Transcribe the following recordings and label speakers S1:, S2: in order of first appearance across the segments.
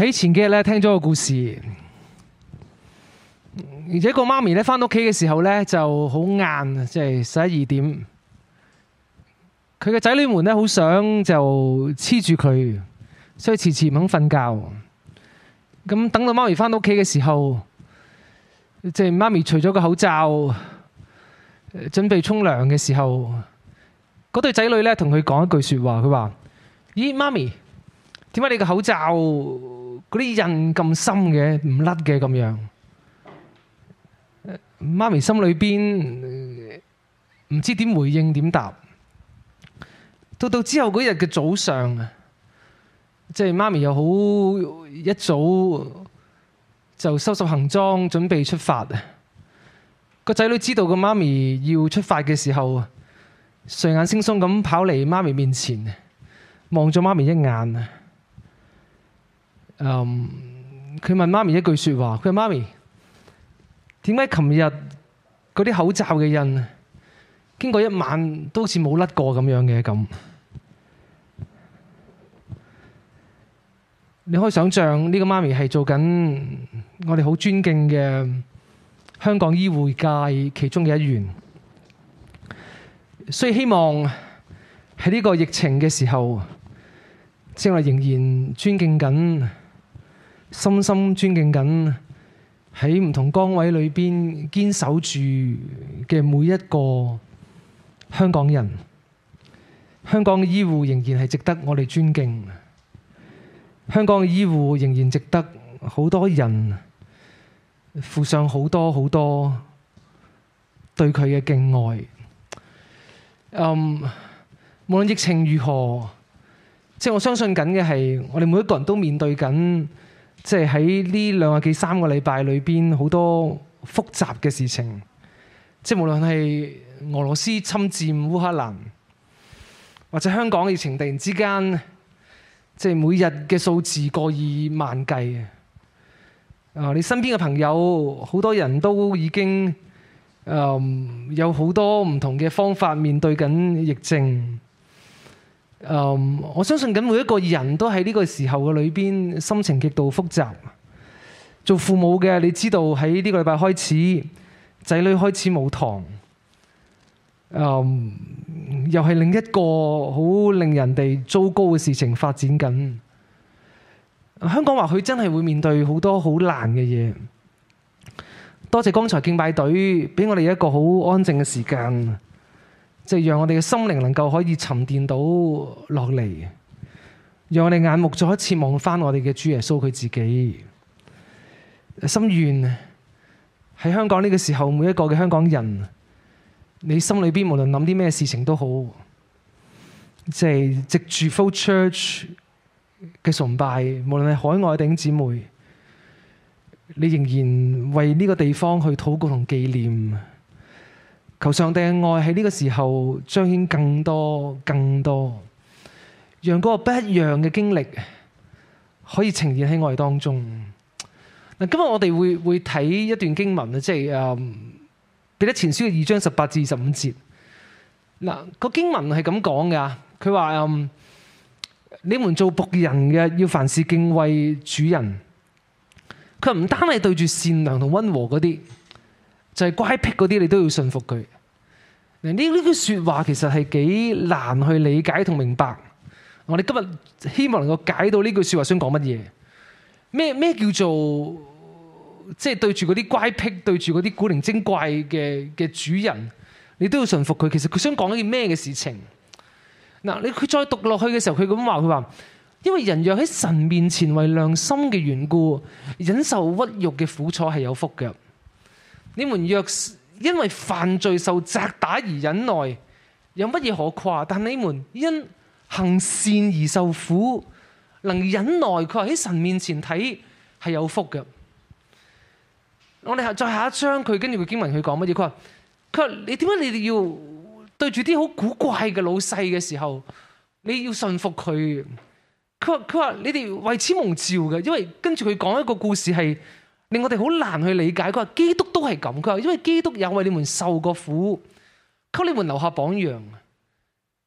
S1: 喺前幾日咧聽咗個故事，而且個媽咪咧翻屋企嘅時候咧就好晏，即係十一二點。佢嘅仔女們咧好想就黐住佢，所以遲遲唔肯瞓覺。咁等到媽咪翻屋企嘅時候，即係媽咪除咗個口罩，準備沖涼嘅時候，嗰對仔女咧同佢講一句說話，佢話：咦，媽咪，點解你個口罩？嗰啲印咁深嘅，唔甩嘅咁樣。媽咪心裏邊呃、唔知點回應點答。到到之後嗰日嘅早上啊，即係媽咪又好一早就收拾行裝準備出發。個仔女知道個媽咪要出發嘅時候啊，睡眼惺忪咁跑嚟媽咪面前，望咗媽咪一眼啊。嗯，佢、um, 問媽咪一句說話，佢話媽咪，點解琴日嗰啲口罩嘅印，經過一晚都好似冇甩過咁樣嘅咁？你可以想象呢，這個媽咪係做緊我哋好尊敬嘅香港醫護界其中嘅一員，所以希望喺呢個疫情嘅時候，即係我哋仍然尊敬緊。深深尊敬緊喺唔同崗位裏邊堅守住嘅每一個香港人，香港嘅醫護仍然係值得我哋尊敬。香港嘅醫護仍然值得好多人付上好多好多對佢嘅敬愛。嗯，無論疫情如何，即係我相信緊嘅係我哋每一個人都面對緊。即係喺呢兩個幾三個禮拜裏邊，好多複雜嘅事情。即係無論係俄羅斯侵佔烏克蘭，或者香港疫情突然之間，即係每日嘅數字過以萬計啊！你身邊嘅朋友好多人都已經，嗯、呃，有好多唔同嘅方法面對緊疫症。Um, 我相信咁每一個人都喺呢個時候嘅裏邊，心情極度複雜。做父母嘅，你知道喺呢個禮拜開始，仔女開始冇堂，um, 又係另一個好令人哋糟糕嘅事情發展緊。香港話佢真係會面對好多好難嘅嘢。多謝剛才敬拜隊，俾我哋一個好安靜嘅時間。即讓我哋嘅心靈能夠可以沉澱到落嚟，讓我哋眼目再一次望翻我哋嘅主耶穌佢自己。心願喺香港呢個時候，每一個嘅香港人，你心裏邊無論諗啲咩事情都好，即係藉住 Flow Church 嘅崇拜，無論係海外嘅弟兄姊妹，你仍然為呢個地方去禱告同紀念。求上帝嘅愛喺呢個時候彰顯更多、更多，讓嗰個不一樣嘅經歷可以呈現喺愛當中。嗱，今日我哋會會睇一段經文啦，即係誒，彼、嗯、得前書嘅二章十八至二十五節。嗱、嗯，個經文係咁講嘅，佢話：嗯，你們做僕人嘅要凡事敬畏主人。佢唔單係對住善良同温和嗰啲。就係乖僻嗰啲，你都要順服佢。嗱，呢呢句說話其實係幾難去理解同明白。我哋今日希望能夠解到呢句說話想講乜嘢？咩咩叫做即係對住嗰啲乖僻，對住嗰啲古靈精怪嘅嘅主人，你都要順服佢？其實佢想講一件咩嘅事情？嗱，你佢再讀落去嘅時候，佢咁話，佢話因為人若喺神面前為良心嘅緣故，忍受屈辱嘅苦楚係有福嘅。你們若因為犯罪受責打而忍耐，有乜嘢可誇？但你們因行善而受苦，能忍耐，佢話喺神面前睇係有福嘅。我哋下再下一章，佢跟住個經文佢講乜嘢？佢話佢話你點解你哋要對住啲好古怪嘅老細嘅時候，你要順服佢？佢話佢話你哋為此蒙召嘅，因為跟住佢講一個故事係。令我哋好難去理解，佢話基督都係咁，佢話因為基督有為你們受過苦，給你們留下榜樣。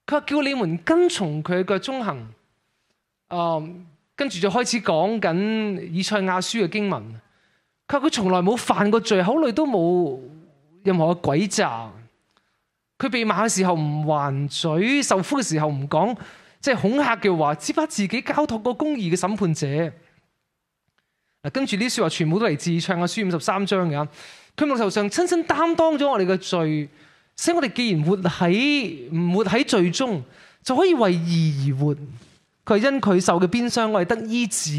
S1: 佢話叫你們跟從佢嘅中行，嗯，跟住就開始講緊以賽亞書嘅經文。佢話佢從來冇犯過罪，好耐都冇任何嘅詭詐。佢被罵嘅時候唔還嘴，受苦嘅時候唔講，即係恐嚇嘅話，只把自己交託個公義嘅審判者。跟住呢，説話全部都嚟自唱嘅書五十三章嘅。佢木頭上親身擔當咗我哋嘅罪，使我哋既然活喺唔活喺罪中，就可以為義而活。佢係因佢受嘅鞭傷，我係得醫治。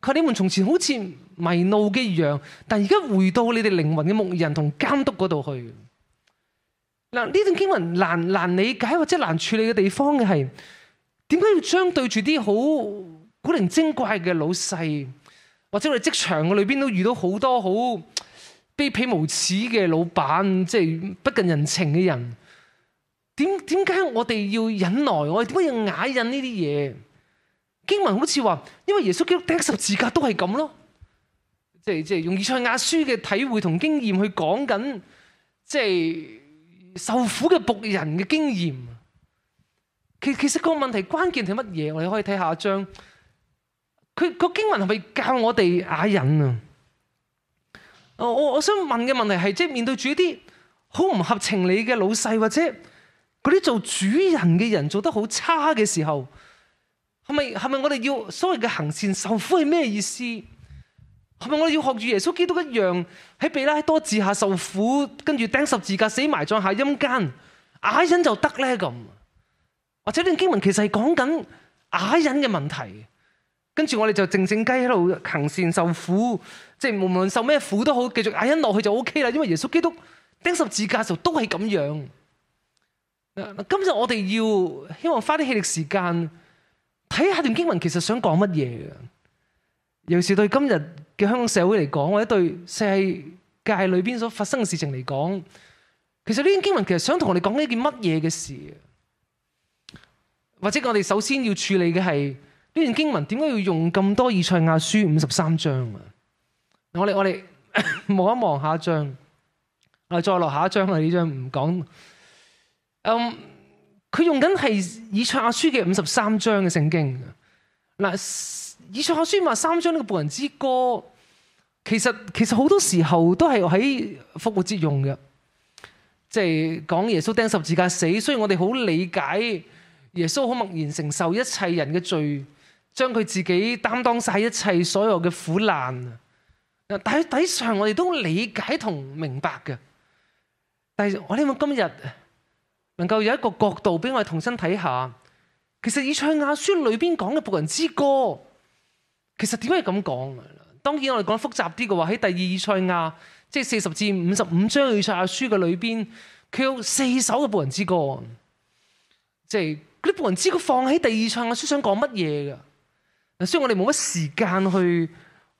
S1: 佢話，你們從前好似迷路嘅一羊，但而家回到你哋靈魂嘅牧人同監督嗰度去。嗱，呢段經文難難理解或者難處理嘅地方嘅係點解要將對住啲好古靈精怪嘅老細？或者我哋職場嘅裏邊都遇到好多好卑鄙無恥嘅老闆，即係不近人情嘅人。點點解我哋要忍耐？我哋點解要捱忍呢啲嘢？經文好似話，因為耶穌基督釘十字架都係咁咯。即係即係用以賽亞書嘅體會同經驗去講緊，即係受苦嘅僕人嘅經驗。其其實個問題關鍵係乜嘢？我哋可以睇下一章。佢個經文係咪教我哋啞忍啊？我我想問嘅問題係即係面對住啲好唔合情理嘅老細或者嗰啲做主人嘅人做得好差嘅時候，係咪係咪我哋要所謂嘅行善受苦係咩意思？係咪我哋要學住耶穌基督一樣喺彼拉多治下受苦，跟住釘十字架死埋葬下陰間啞忍就得咧咁？或者呢段經文其實係講緊啞忍嘅問題？跟住我哋就靜靜雞喺度行善受苦，即係無論受咩苦都好，繼續挨忍落去就 O K 啦。因為耶穌基督釘十字架時候都係咁樣。今日我哋要希望花啲氣力時間睇下段經文其實想講乜嘢嘅，尤其是對今日嘅香港社會嚟講，或者對世界裏邊所發生嘅事情嚟講，其實呢段經文其實想同我哋講一件乜嘢嘅事？或者我哋首先要處理嘅係。呢段經文點解要用咁多以賽亞書五十三章啊？我哋我哋望一望下一章，我哋再落下一章啦，呢張唔講。嗯，佢用緊係以賽亞書嘅五十三章嘅聖經。嗱，以賽亞書五十三章呢個僕人之歌，其實其實好多時候都係喺復活節用嘅，即係講耶穌釘十字架死。雖然我哋好理解耶穌好默然承受一切人嘅罪。將佢自己擔當晒一切所有嘅苦難啊！但係底上我哋都理解同明白嘅。但係我希望今日能夠有一個角度俾我哋重新睇下，其實以賽亞書裏邊講嘅僕人之歌，其實點解要咁講？當然我哋講複雜啲嘅話，喺第二以賽亞，即係四十至五十五章以賽亞書嘅裏邊，佢有四首嘅僕人之歌。即係嗰啲僕人之歌放喺第二以賽亞書想講乜嘢嘅？所以我哋冇乜時間去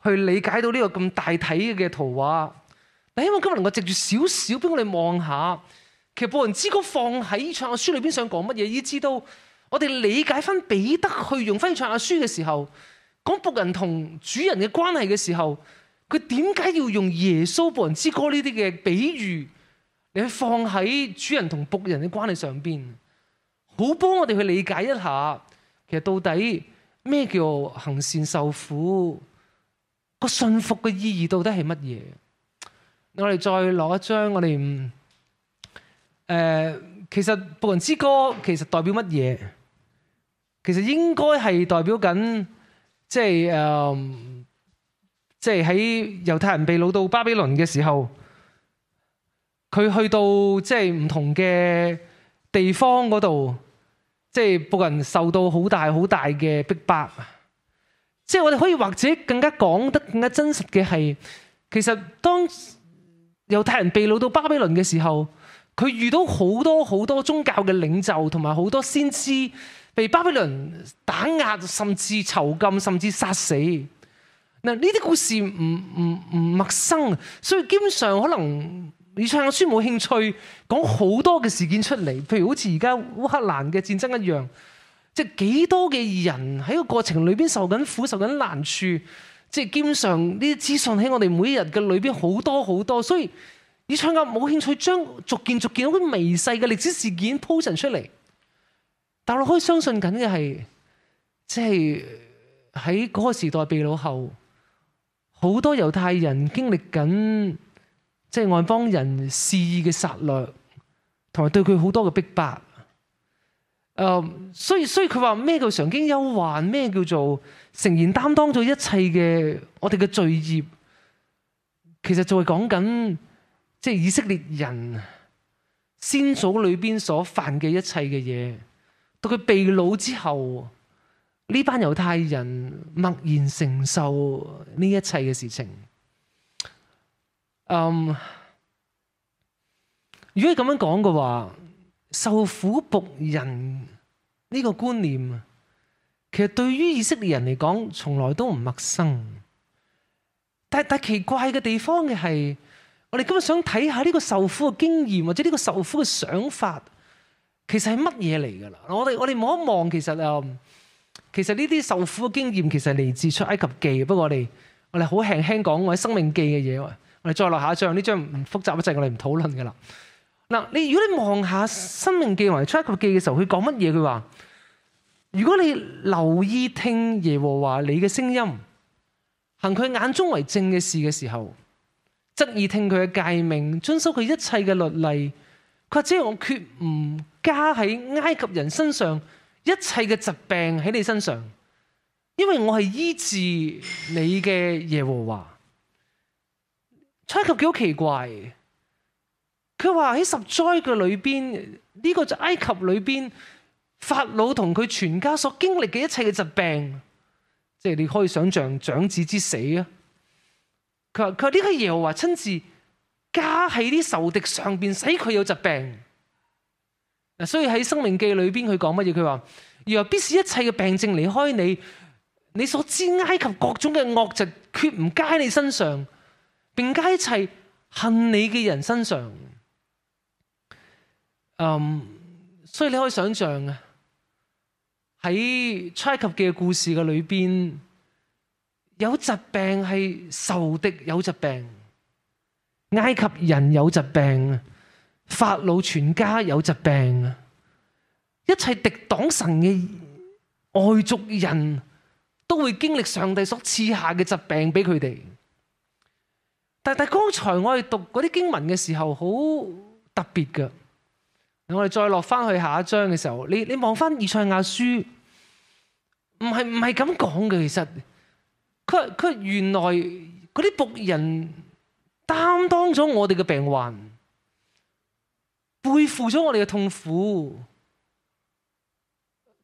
S1: 去理解到呢個咁大體嘅圖畫，但係希望今日能夠藉住少少俾我哋望下，其實僕人之歌放喺創亞書裏邊想講乜嘢，要知道我哋理解翻彼得去用翻創亞書嘅時候，講僕人同主人嘅關係嘅時候，佢點解要用耶穌僕人之歌呢啲嘅比喻嚟放喺主人同僕人嘅關係上邊，好幫我哋去理解一下，其實到底。咩叫行善受苦？個信服嘅意義到底係乜嘢？我哋再攞一張，我哋誒、呃、其實《僕人之歌》其實代表乜嘢？其實應該係代表緊，即係誒，即係喺猶太人被擄到巴比倫嘅時候，佢去到即係唔同嘅地方嗰度。即係，僕人受到好大好大嘅逼迫。即係我哋可以或者更加講得更加真實嘅係，其實當猶太人被擄到巴比倫嘅時候，佢遇到好多好多宗教嘅領袖同埋好多先知，被巴比倫打壓，甚至囚禁，甚至殺死。嗱，呢啲故事唔唔唔陌生，所以基本上可能。你唱嘅書冇興趣講好多嘅事件出嚟，譬如好似而家烏克蘭嘅戰爭一樣，即係幾多嘅人喺個過程裏邊受緊苦、受緊難處，即係基本上呢啲資訊喺我哋每日嘅裏邊好多好多，所以以唱嘅冇興趣將逐件逐件好微細嘅歷史事件鋪陳出嚟。但我可以相信緊嘅係，即係喺嗰個時代被擄後，好多猶太人經歷緊。即係外邦人肆意嘅殺掠，同埋對佢好多嘅逼迫。誒、呃，所以所以佢話咩叫常經憂患，咩叫做誠然擔當咗一切嘅我哋嘅罪孽，其實就係講緊即係以色列人先祖裏邊所犯嘅一切嘅嘢，到佢被擄之後，呢班猶太人默然承受呢一切嘅事情。嗯，如果咁樣講嘅話，受苦僕人呢個觀念，其實對於以色列人嚟講，從來都唔陌生。但係但奇怪嘅地方嘅係，我哋今日想睇下呢個受苦嘅經驗或者呢個受苦嘅想法，其實係乜嘢嚟㗎喇？我哋我哋望一望，其實誒、嗯，其實呢啲受苦嘅經驗，其實嚟自出埃及記，不過我哋我哋好輕輕講我喺生命記嘅嘢喎我哋再落下一章呢章唔複雜一劑，我哋唔討論噶啦。嗱，你如果你望下《申命記》或《出埃及記》嘅時候，佢講乜嘢？佢話：如果你留意聽耶和華你嘅聲音，行佢眼中為正嘅事嘅時候，執意聽佢嘅誡命，遵守佢一切嘅律例，或者我決唔加喺埃及人身上一切嘅疾病喺你身上，因為我係醫治你嘅耶和華。埃及幾好奇怪，佢話喺十災嘅裏邊，呢、這個就埃及裏邊法老同佢全家所經歷嘅一切嘅疾病，即係你可以想象長子之死啊。佢話佢話呢個耶和華親自加喺啲仇敵上邊，使佢有疾病。嗱，所以喺申命記裏邊佢講乜嘢？佢話若必使一切嘅病症離開你，你所知埃及各種嘅惡疾，決唔加喺你身上。全家一齊恨你嘅人身上，嗯、um,，所以你可以想象啊，喺埃及嘅故事嘅裏邊，有疾病係仇敵，有疾病，埃及人有疾病，法老全家有疾病，一切敵擋神嘅外族人都會經歷上帝所賜下嘅疾病俾佢哋。但但剛才我哋讀嗰啲經文嘅時候好特別嘅。我哋再落翻去下一章嘅時候，你你望翻以賽亞書，唔係唔係咁講嘅。其實佢佢原來嗰啲僕人擔當咗我哋嘅病患，背負咗我哋嘅痛苦。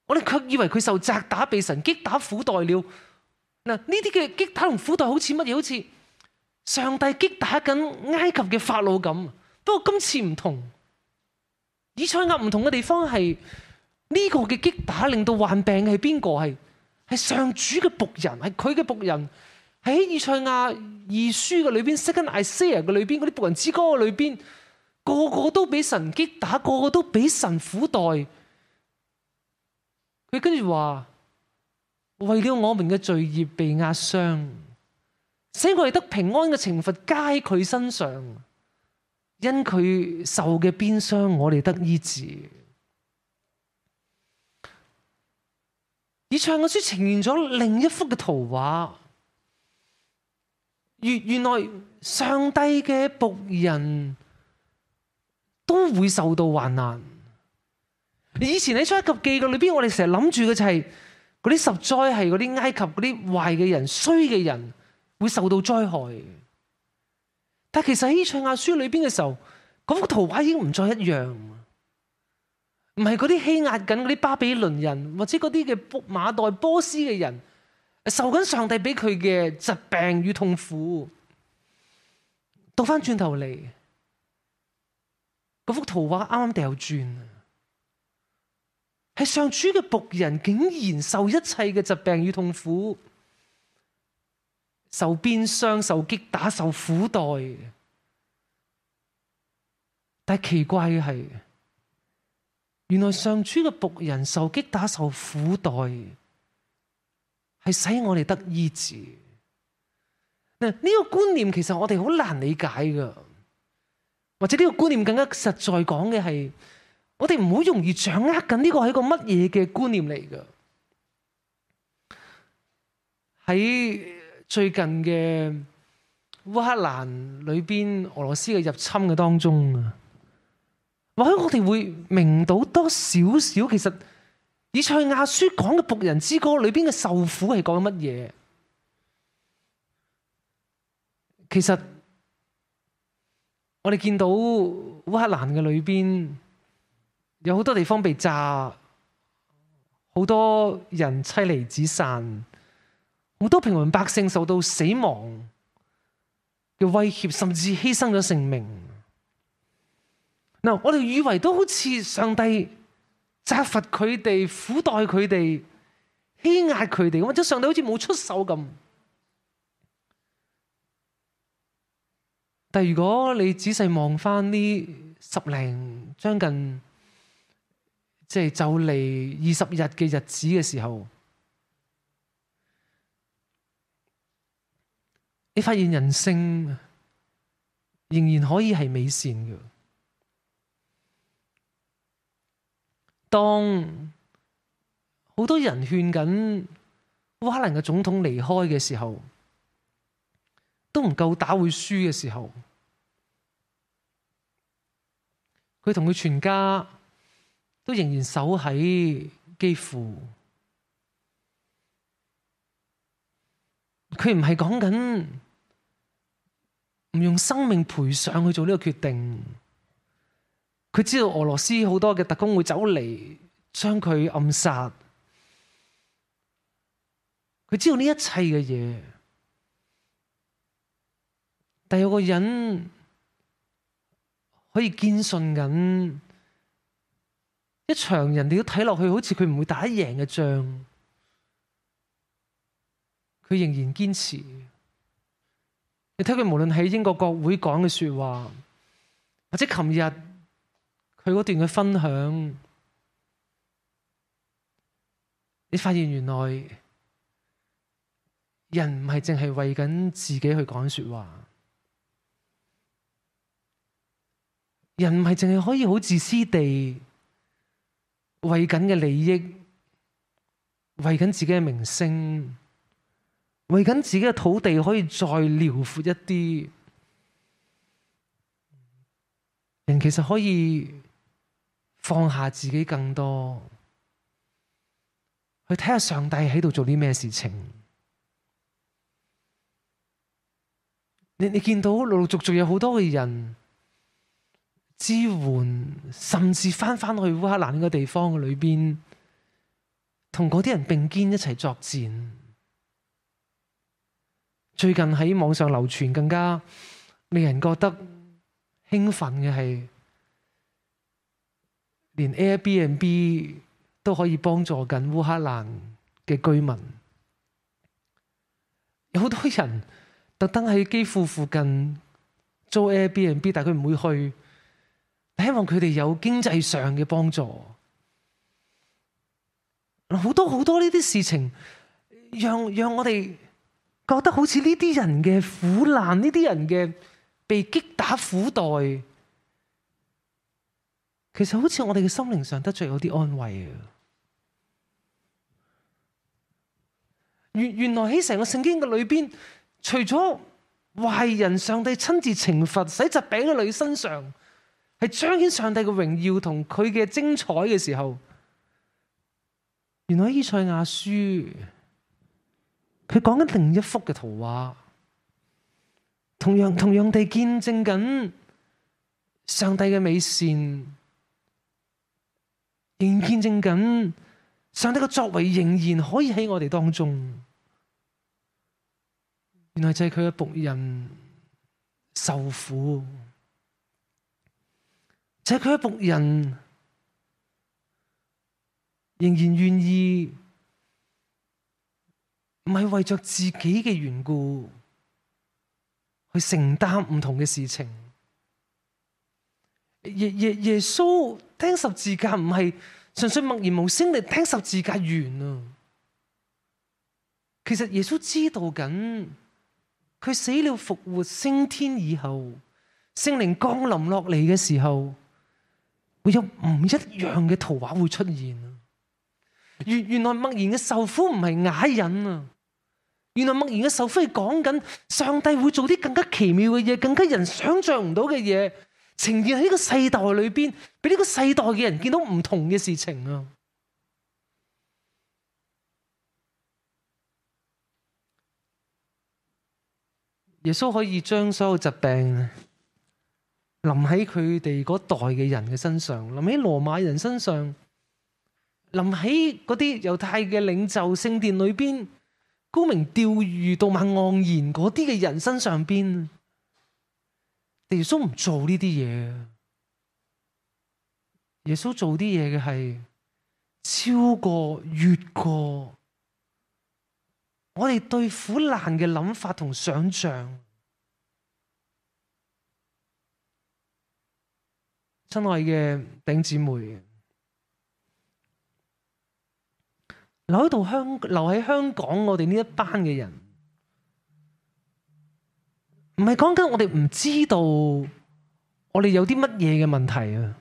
S1: 我哋卻以為佢受責打、被神擊打、苦待了。嗱，呢啲嘅擊打同苦待好似乜嘢？好似？上帝擊打緊埃及嘅法老咁，不過今次唔同。以賽亞唔同嘅地方係呢、這個嘅擊打令到患病嘅係邊個？係係上主嘅僕人，係佢嘅僕人，喺以賽亞二書嘅裏邊，Second Isaiah 嘅裏邊嗰啲僕人之歌嘅裏邊，個個都俾神擊打，個個都俾神苦待。佢跟住話，為了我們嘅罪孽被壓傷。使我哋得平安嘅懲罰加喺佢身上，因佢受嘅鞭傷，我哋得醫治。以唱嘅書呈現咗另一幅嘅圖畫，原原來上帝嘅僕人都會受到患難。以前喺出埃及記嘅裏邊，我哋成日諗住嘅就係嗰啲十災係嗰啲埃及嗰啲壞嘅人、衰嘅人。會受到災害，但其實喺《賽亞書》裏邊嘅時候，嗰幅圖畫已經唔再一樣，唔係嗰啲欺壓緊嗰啲巴比倫人，或者嗰啲嘅馬代波斯嘅人受緊上帝俾佢嘅疾病與痛苦。倒翻轉頭嚟，嗰幅圖畫啱啱掉轉啊！係上主嘅僕人竟然受一切嘅疾病與痛苦。受鞭傷、受擊打、受苦待，但係奇怪嘅係，原來上主嘅僕人受擊打、受苦待，係使我哋得醫治。呢個觀念其實我哋好難理解噶，或者呢個觀念更加實在講嘅係，我哋唔好容易掌握緊呢個係一個乜嘢嘅觀念嚟噶，喺。最近嘅烏克蘭裏邊俄羅斯嘅入侵嘅當中啊，或許我哋會明到多少少，其實以賽亞書講嘅僕人之歌裏邊嘅受苦係講乜嘢？其實我哋見到烏克蘭嘅裏邊有好多地方被炸，好多人妻離子散。好多平民百姓受到死亡嘅威脅，甚至犧牲咗性命。嗱，我哋以為都好似上帝責罰佢哋、苦待佢哋、欺壓佢哋，或者上帝好似冇出手咁。但如果你仔細望返呢十零將近，即係就嚟、是、二十日嘅日子嘅時候。你發現人性仍然可以係美善嘅。當好多人勸緊烏克蘭嘅總統離開嘅時候，都唔夠打會輸嘅時候，佢同佢全家都仍然守喺基輔。佢唔係講緊。唔用生命賠上去做呢個決定，佢知道俄羅斯好多嘅特工會走嚟將佢暗殺，佢知道呢一切嘅嘢，但有個人可以堅信緊一場，人哋都睇落去好似佢唔會打贏嘅仗，佢仍然堅持。你睇佢，無論喺英國國會講嘅説話，或者琴日佢嗰段嘅分享，你發現原來人唔係淨係為緊自己去講説話，人唔係淨係可以好自私地為緊嘅利益，為緊自己嘅名聲。為緊自己嘅土地可以再遼闊一啲，人其實可以放下自己更多，去睇下上帝喺度做啲咩事情。你你見到陸陸續續有好多嘅人支援，甚至翻返去烏克蘭呢個地方嘅裡面，同嗰啲人並肩一齊作戰。最近喺網上流傳，更加令人覺得興奮嘅係，連 Airbnb 都可以幫助緊烏克蘭嘅居民。有好多人特登喺基輔附近租 Airbnb，但係佢唔會去。但希望佢哋有經濟上嘅幫助。好多好多呢啲事情讓、讓讓我哋。覺得好似呢啲人嘅苦難，呢啲人嘅被擊打苦待，其實好似我哋嘅心靈上得着有啲安慰。原原來喺成個聖經嘅裏邊，除咗壞人，上帝親自懲罰，使疾病嘅女身上，係彰顯上帝嘅榮耀同佢嘅精彩嘅時候，原來喺以賽亞書。佢講緊另一幅嘅圖畫，同樣同樣地見證緊上帝嘅美善，仍然見證緊上帝嘅作為仍然可以喺我哋當中。原來就係佢嘅僕人受苦，就係佢嘅僕人仍然願意。唔係為着自己嘅緣故去承擔唔同嘅事情，耶耶耶穌釘十字架唔係純粹默然無聲嚟釘十字架完啊！其實耶穌知道緊，佢死了復活升天以後，聖靈降臨落嚟嘅時候，會有唔一樣嘅圖畫會出現啊！原原來默然嘅受苦唔係啞忍啊！原來默然嘅受苦係講緊上帝會做啲更加奇妙嘅嘢，更加人想象唔到嘅嘢，呈現喺呢個世代裏邊，俾呢個世代嘅人見到唔同嘅事情啊！耶穌可以將所有疾病啊，臨喺佢哋嗰代嘅人嘅身上，臨喺羅馬人身上，臨喺嗰啲猶太嘅領袖聖殿裏邊。沽名釣譽、到晚妄言嗰啲嘅人身上邊，耶穌唔做呢啲嘢。耶穌做啲嘢嘅係超過、越過我哋對苦難嘅諗法同想象親愛嘅弟兄姊妹。留喺度香，留喺香港，香港我哋呢一班嘅人，唔係講緊我哋唔知道，我哋有啲乜嘢嘅問題啊？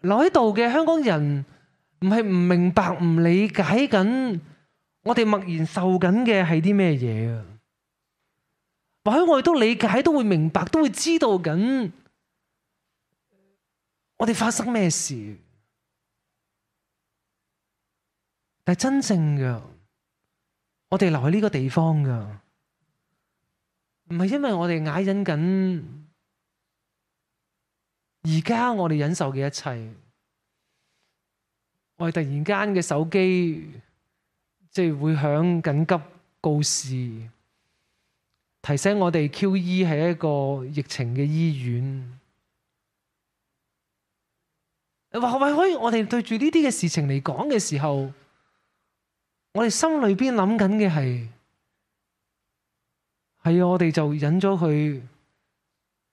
S1: 留喺度嘅香港人，唔係唔明白、唔理解緊，我哋默然受緊嘅係啲咩嘢啊？或許我哋都理解、都會明白、都會知道緊，我哋發生咩事？但係真正嘅，我哋留喺呢個地方嘅，唔係因為我哋捱忍緊，而家我哋忍受嘅一切，我哋突然間嘅手機即係會響緊急告示，提醒我哋 QE 係一個疫情嘅醫院。你話係咪可以，我哋對住呢啲嘅事情嚟講嘅時候。我哋心裏邊諗緊嘅係，係我哋就忍咗佢，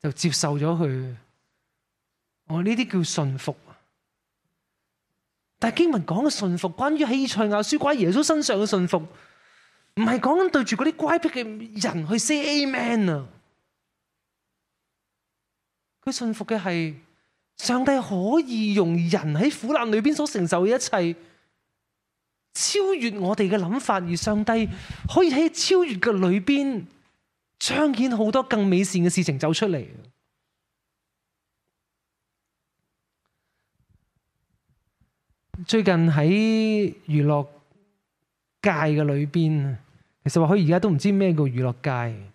S1: 就接受咗佢。我呢啲叫信服。但經文講嘅信服，關於以賽亞書怪耶穌身上嘅信服，唔係講緊對住嗰啲乖僻嘅人去 say amen 啊。佢信服嘅係上帝可以用人喺苦難裏邊所承受嘅一切。超越我哋嘅諗法，而上帝可以喺超越嘅裏邊，彰顯好多更美善嘅事情走出嚟。最近喺娛樂界嘅裏邊，其實話佢而家都唔知咩叫娛樂界。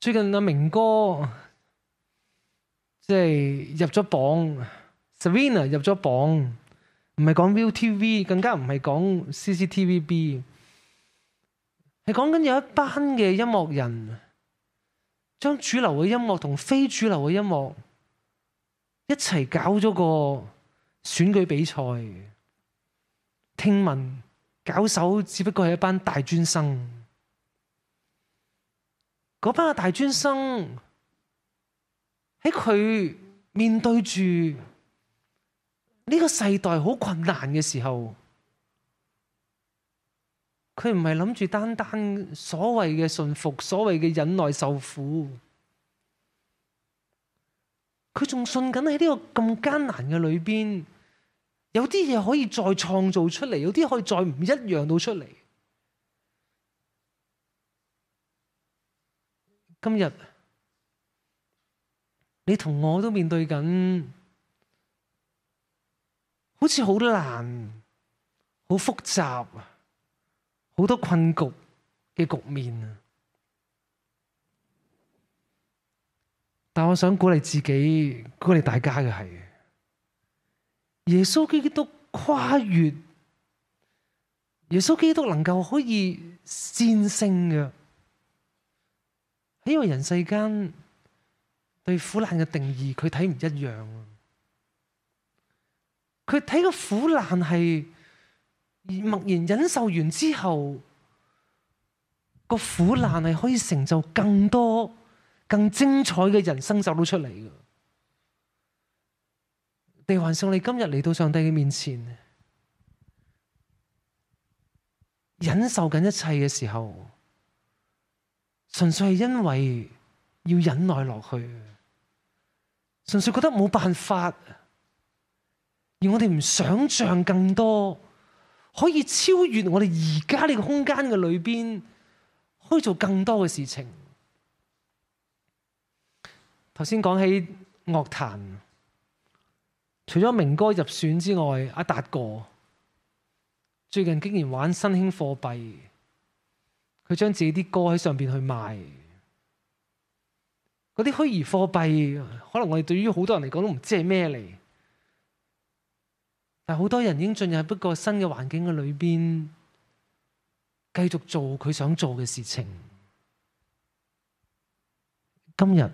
S1: 最近阿明哥即係入咗榜，Savina 入咗榜。唔係講 ViuTV，更加唔係講 CCTVB，係講緊有一班嘅音樂人，將主流嘅音樂同非主流嘅音樂一齊搞咗個選舉比賽。聽聞搞手只不過係一班大專生，嗰班嘅大專生喺佢面對住。呢個世代好困難嘅時候，佢唔係諗住單單所謂嘅順服，所謂嘅忍耐受苦，佢仲信緊喺呢個咁艱難嘅裏邊，有啲嘢可以再創造出嚟，有啲可以再唔一樣到出嚟。今日你同我都面對緊。好似好難、好複雜好多困局嘅局面。但我想鼓勵自己、鼓勵大家嘅係，耶穌基督跨越，耶穌基督能夠可以戰勝嘅，因為人世間對苦難嘅定義，佢睇唔一樣。佢睇個苦難係而默然忍受完之後，個苦難係可以成就更多、更精彩嘅人生走到出嚟嘅。地環聖，你今日嚟到上帝嘅面前，忍受緊一切嘅時候，純粹係因為要忍耐落去，純粹覺得冇辦法。而我哋唔想像更多，可以超越我哋而家呢個空間嘅裏邊，可以做更多嘅事情。頭先講起樂壇，除咗明哥入選之外，阿達哥最近竟然玩新興貨幣，佢將自己啲歌喺上面去賣。嗰啲虛擬貨幣，可能我哋對於好多人嚟講都唔知係咩嚟。但好多人已經進入一個新嘅環境嘅裡面，繼續做佢想做嘅事情。今日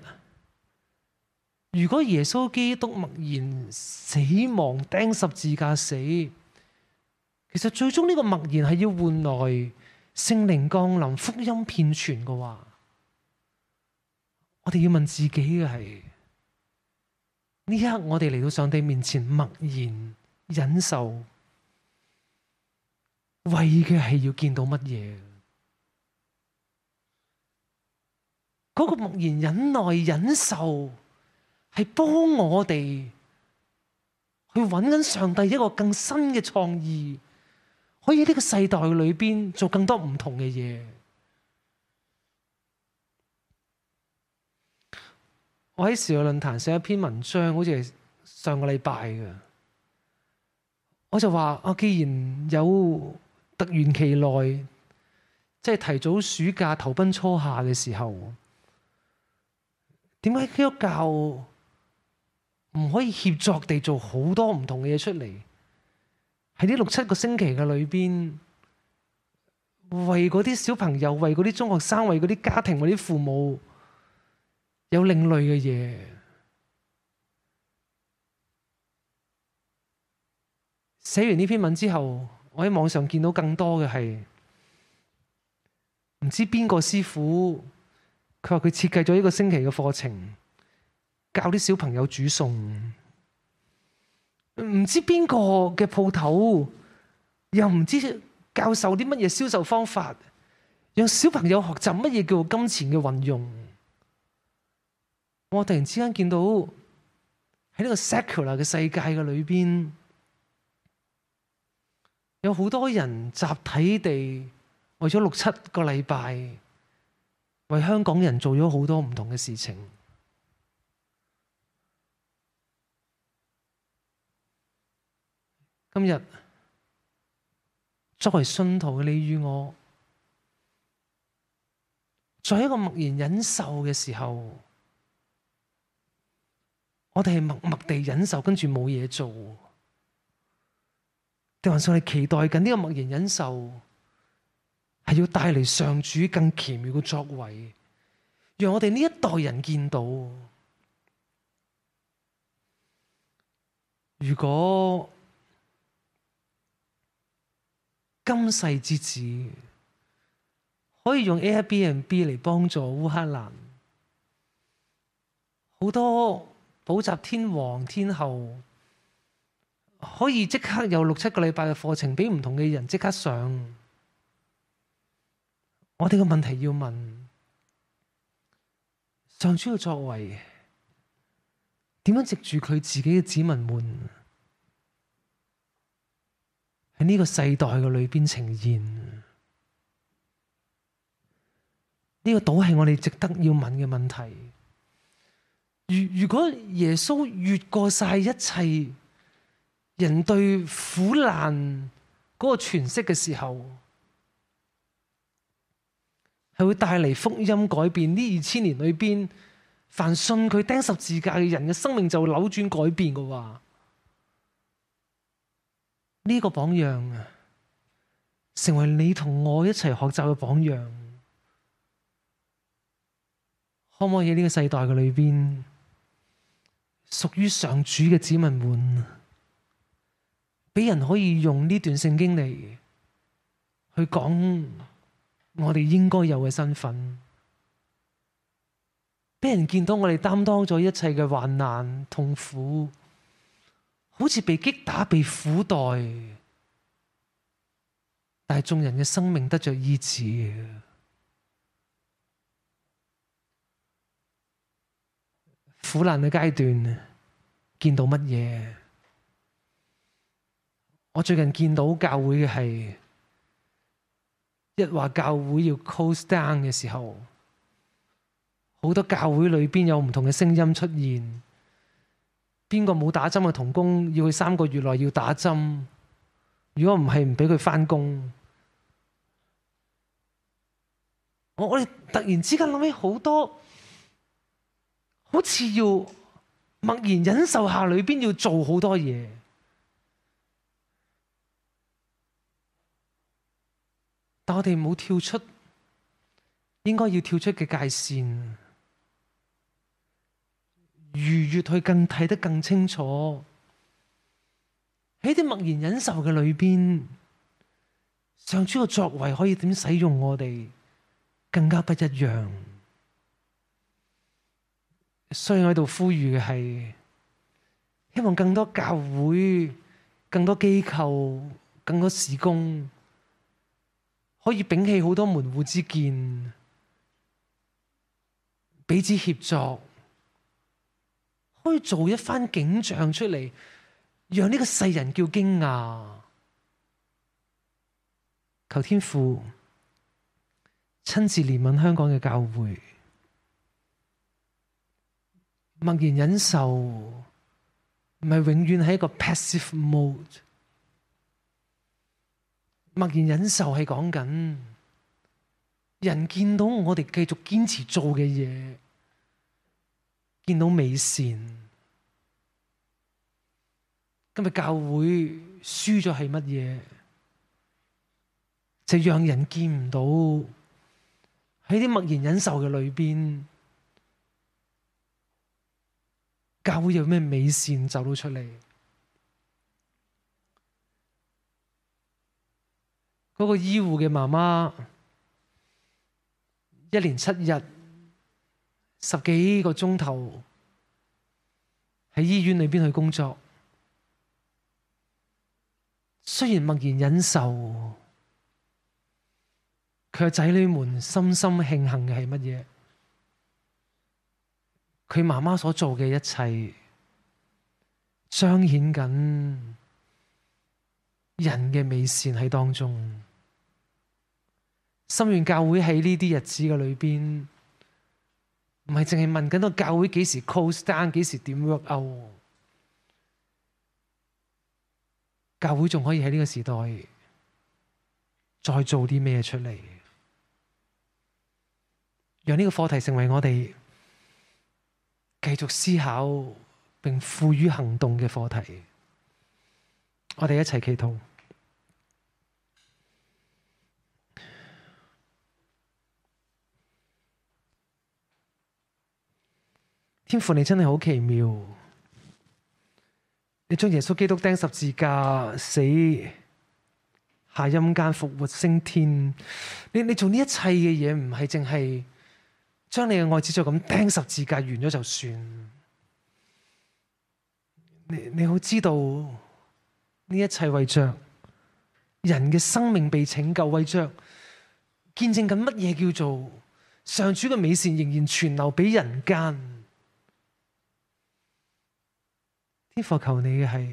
S1: 如果耶穌基督默然死亡釘十字架死，其實最終呢個默然係要換來聖靈降臨、福音遍傳嘅話，我哋要問自己嘅係：呢一刻我哋嚟到上帝面前默然。忍受為嘅係要見到乜嘢？嗰、嗰個默然忍耐、忍受係幫我哋去揾緊上帝一個更新嘅創意，可以呢個世代裏邊做更多唔同嘅嘢。我喺時事論壇寫一篇文章，好似係上個禮拜嘅。我就話：既然有突然其來，即係提早暑假投奔初夏嘅時候，點解基督教唔可以協作地做好多唔同嘅嘢出嚟？喺呢六七個星期嘅裏邊，為嗰啲小朋友、為嗰啲中學生、為嗰啲家庭、為啲父母，有另類嘅嘢。寫完呢篇文之後，我喺網上見到更多嘅係唔知邊個師傅，佢話佢設計咗一個星期嘅課程，教啲小朋友煮餸。唔知邊個嘅鋪頭又唔知教授啲乜嘢銷售方法，讓小朋友學習乜嘢叫做金錢嘅運用。我突然之間見到喺呢個 secular 嘅世界嘅裏面。有好多人集體地為咗六七個禮拜，為香港人做咗好多唔同嘅事情。今日作為信徒嘅你與我，在一個默然忍受嘅時候，我哋係默默地忍受，跟住冇嘢做。定還是我在期待緊呢、這個默然忍受，係要帶嚟上主更奇妙嘅作為，讓我哋呢一代人見到。如果今世之子可以用 Airbnb 嚟幫助烏克蘭，好多補習天王天后，可以即刻有六七個禮拜嘅課程，俾唔同嘅人即刻上。我哋嘅問題要問：上主嘅作為點樣藉住佢自己嘅子民們喺呢個世代嘅裏邊呈現？呢、這個倒係我哋值得要問嘅問題。如如果耶穌越過晒一切。人對苦難嗰個詮釋嘅時候，係會帶嚟福音改變。呢二千年裏邊，凡信佢釘十字架嘅人嘅生命就會扭轉改變嘅話，呢個榜樣成為你同我一齊學習嘅榜樣，可唔可以喺呢個世代嘅裏邊，屬於上主嘅子民們？俾人可以用呢段聖經嚟去講我哋應該有嘅身份，俾人見到我哋擔當咗一切嘅患難痛苦，好似被擊打、被苦待，但係眾人嘅生命得着醫治。苦難嘅階段見到乜嘢？我最近見到教會係一話教會要 close down 嘅時候，好多教會裏邊有唔同嘅聲音出現。邊個冇打針嘅童工要去三個月內要打針？如果唔係唔畀佢返工，我哋突然之間諗起好多，好似要默然忍受下裏邊要做好多嘢。但我哋冇跳出，應該要跳出嘅界線，逾越去更睇得更清楚。喺啲默然忍受嘅裏邊，上主嘅作為可以點使用我哋，更加不一樣。所以我喺度呼籲嘅係，希望更多教會、更多機構、更多事工。可以摒棄好多門戶之見，彼此協作，可以做一番景象出嚟，讓呢個世人叫驚訝。求天父親自憐憫香港嘅教會，默然忍受，唔係永遠係一個 passive mode。默然忍受係講緊人見到我哋繼續堅持做嘅嘢，見到美善。今日教會輸咗係乜嘢？就係讓人見唔到喺啲默然忍受嘅裏邊，教會有咩美善走到出嚟？嗰個醫護嘅媽媽，一連七日十幾個鐘頭喺醫院裏面去工作，雖然默然忍受，佢嘅仔女們深深慶幸嘅係乜嘢？佢媽媽所做嘅一切，彰顯緊人嘅美善喺當中。心願教會喺呢啲日子嘅裏邊，唔係淨係問緊個教會幾時 close down，幾時點 work out。教會仲可以喺呢個時代再做啲咩出嚟，讓呢個課題成為我哋繼續思考並付於行動嘅課題。我哋一齊祈禱。天父你真係好奇妙，你將耶穌基督釘十字架死下陰間復活升天，你你做呢一切嘅嘢唔係淨係將你嘅愛子就咁釘十字架完咗就算。你你好知道呢一切為着人嘅生命被拯救，為着見證緊乜嘢叫做上主嘅美善仍然存留俾人間。天父求你嘅係，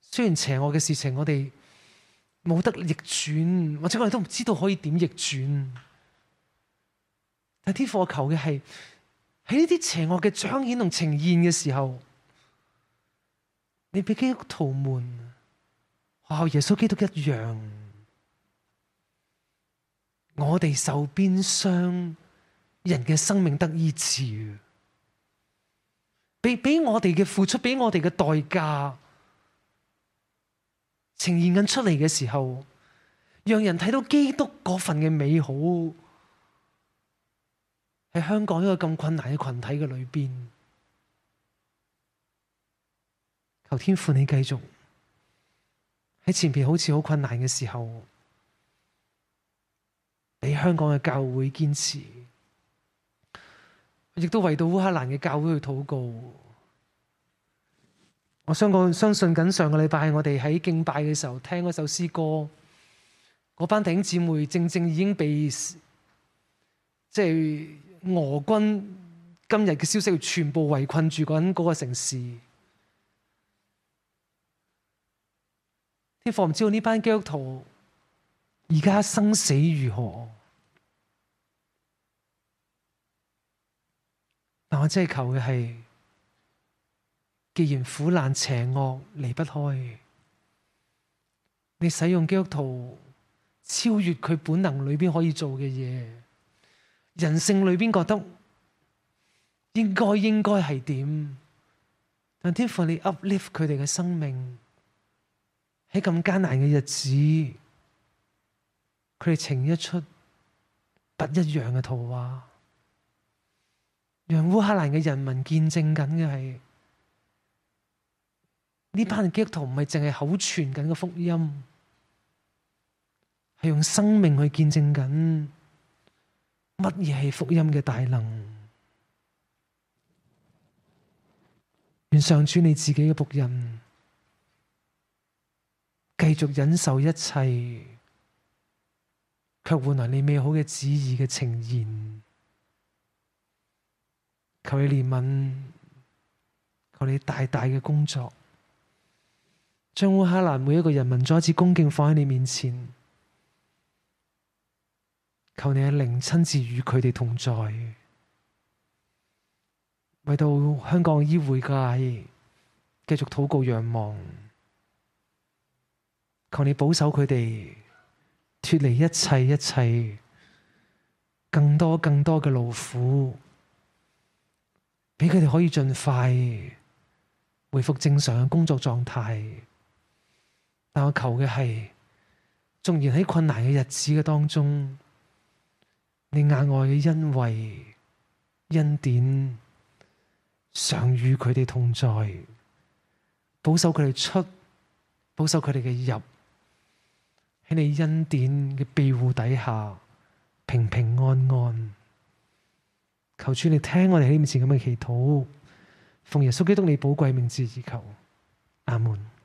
S1: 雖然邪惡嘅事情我哋冇得逆轉，或者我哋都唔知道可以點逆轉。但天父求嘅係喺呢啲邪惡嘅彰顯同呈現嘅時候，你俾基督徒們學效耶穌基督一樣，我哋受鞭傷，人嘅生命得以醫治。俾俾我哋嘅付出，俾我哋嘅代價呈現緊出嚟嘅時候，讓人睇到基督嗰份嘅美好喺香港一個咁困難嘅群體嘅裏面，求天父你繼續喺前邊，好似好困難嘅時候，俾香港嘅教會堅持。亦都為到烏克蘭嘅教會去禱告。我相信，相信緊上個禮拜我哋喺敬拜嘅時候聽嗰首詩歌，嗰班弟兄姊妹正正已經被即係、就是、俄軍今日嘅消息全部圍困住緊嗰個城市。天父唔知道呢班基督徒而家生死如何。但我只求嘅係，既然苦難邪惡離不開，你使用基督徒超越佢本能裏邊可以做嘅嘢，人性裏邊覺得應該應該係點，但天父你 uplift 佢哋嘅生命喺咁艱難嘅日子，佢哋呈一出不一樣嘅圖畫。讓烏克蘭嘅人民見證緊嘅係呢班基督徒唔係淨係口傳緊嘅福音，係用生命去見證緊乜嘢係福音嘅大能。願上主你自己嘅僕人繼續忍受一切，卻換來你美好嘅旨意嘅呈現。求你憐憫，求你大大嘅工作，將烏克蘭每一個人民再一次恭敬放喺你面前，求你嘅靈親自與佢哋同在，為到香港醫會界繼續禱告仰望，求你保守佢哋脫離一切一切更多更多嘅勞苦。俾佢哋可以盡快回復正常嘅工作狀態，但我求嘅係，縱然喺困難嘅日子嘅當中，你額外嘅恩惠、恩典，常與佢哋同在，保守佢哋出，保守佢哋嘅入，喺你恩典嘅庇護底下，平平安安。求主你聽我哋喺面前咁嘅祈禱，奉耶穌基督你寶貴名字而求，阿門。